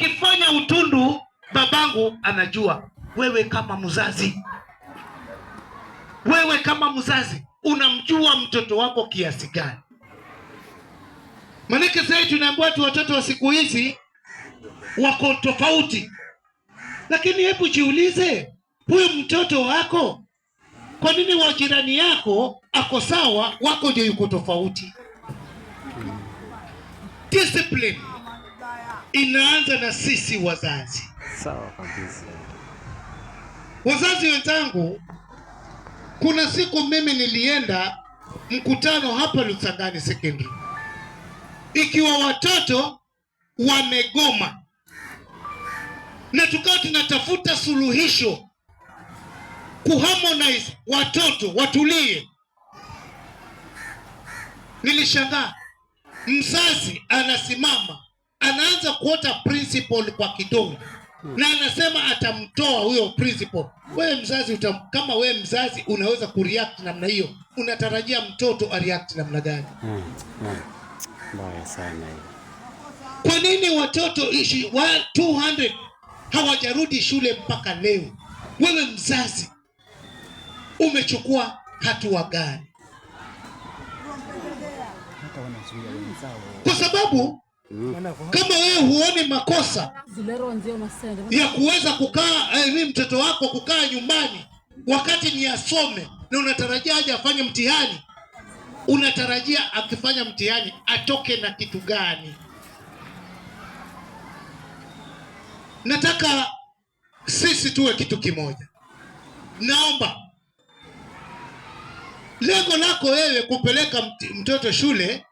Nikifanya utundu babangu anajua. Wewe kama mzazi, wewe kama mzazi unamjua mtoto wako kiasi gani? Maanake sasa tunaambiwa tu watoto wa siku hizi wako tofauti, lakini hebu jiulize, huyu mtoto wako, kwa nini wa jirani yako ako sawa, wako ndio yuko tofauti? Discipline inaanza na sisi wazazi. Sawa kabisa. Wazazi wenzangu, kuna siku mimi nilienda mkutano hapa Lusangani Sekondari, ikiwa watoto wamegoma, na tukawa tunatafuta suluhisho kuharmonize watoto watulie. Nilishangaa mzazi anasimama anaanza kuota principal kwa kitonga na anasema atamtoa huyo principal. Wewe mzazi utam, kama wewe mzazi unaweza kureact namna hiyo, unatarajia mtoto areact namna gani? Hmm, hmm. Mbaya sana hiyo. Kwa nini watoto 200 hawajarudi shule mpaka leo? Wewe mzazi umechukua hatua gani? Kwa sababu kama wewe huoni makosa ya kuweza kukaa eh, mtoto wako kukaa nyumbani wakati ni asome, na unatarajia aje afanye mtihani, unatarajia akifanya mtihani atoke na kitu gani? Nataka sisi tuwe kitu kimoja. Naomba lengo lako wewe kupeleka mtoto shule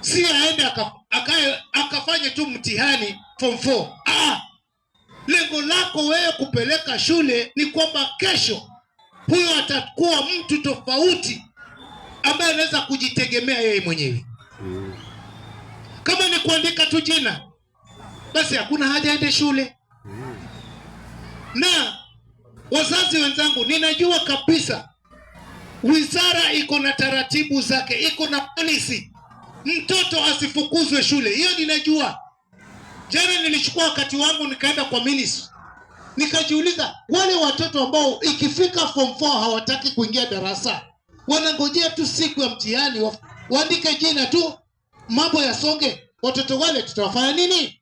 si aende akaye akafanye tu mtihani form 4. Ah, lengo lako wewe kupeleka shule ni kwamba kesho huyo atakuwa mtu tofauti ambaye anaweza kujitegemea yeye mwenyewe. Kama ni kuandika tu jina, basi hakuna haja aende shule. Na wazazi wenzangu, ninajua kabisa wizara iko na taratibu zake, iko na polisi mtoto asifukuzwe shule. Hiyo ninajua. Jana nilichukua wakati wangu nikaenda kwa ministry, nikajiuliza wale watoto ambao ikifika form 4 hawataki kuingia darasa, wanangojea tu siku ya mtihani waandike jina tu, mambo yasonge. Watoto wale tutawafanya nini?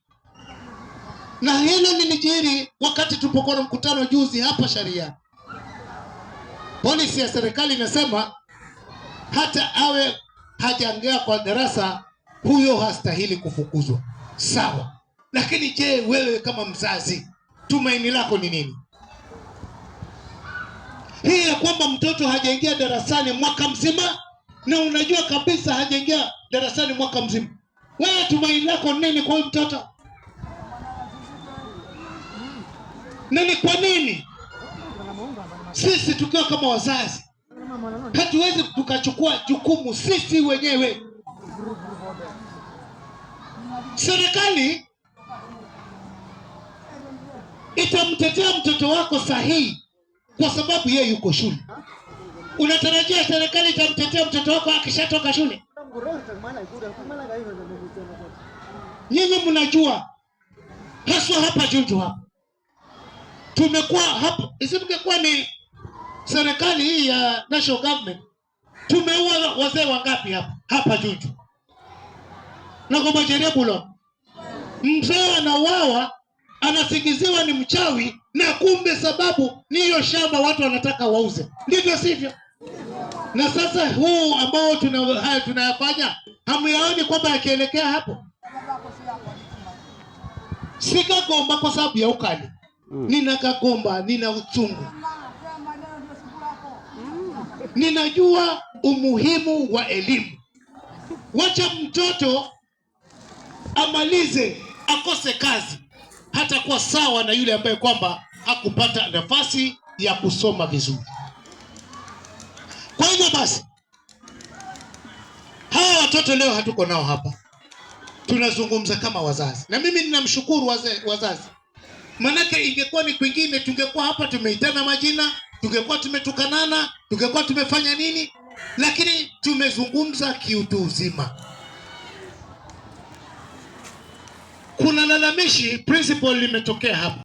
Na hilo lilijiri wakati tulipokuwa na mkutano juzi hapa Sharia. Polisi ya serikali inasema hata awe hajaongea kwa darasa, huyo hastahili kufukuzwa, sawa. Lakini je, wewe kama mzazi, tumaini lako ni nini? Hii ya kwamba mtoto hajaingia darasani mwaka mzima na unajua kabisa hajaingia darasani mwaka mzima, wewe tumaini lako nini kwa huyu mtoto? Na ni kwa nini sisi tukiwa kama wazazi hatuwezi tukachukua jukumu sisi wenyewe. Serikali itamtetea mtoto wako sahihi, kwa sababu yeye yuko shule. Unatarajia serikali itamtetea mtoto wako akishatoka shule? Nyinyi mnajua haswa hapa Junju hapa tumekuwa hapa, isingekuwa ni serikali hii ya national government tumeua wazee wangapi hapa hapa Juju na Gomajerebulo? Mzee anawawa anasingiziwa ni mchawi, na kumbe sababu ni hiyo shamba watu wanataka wauze, ndivyo sivyo? Na sasa huu ambao tuna, haya tunayafanya, hamyaoni kwamba yakielekea hapo sikagomba kwa sababu ya ukali hmm. ninakagomba Nina kagomba, nina uchungu Ninajua umuhimu wa elimu. Wacha mtoto amalize akose kazi, hata kuwa sawa na yule ambaye kwamba hakupata nafasi ya kusoma vizuri. Kwa hivyo basi, hawa watoto leo hatuko nao hapa, tunazungumza kama wazazi, na mimi ninamshukuru wazazi, manake ingekuwa ni kwingine, tungekuwa hapa tumeitana majina, tungekuwa tumetukanana tungekuwa tumefanya nini? Lakini tumezungumza kiutu uzima. Kuna lalamishi principle limetokea hapa.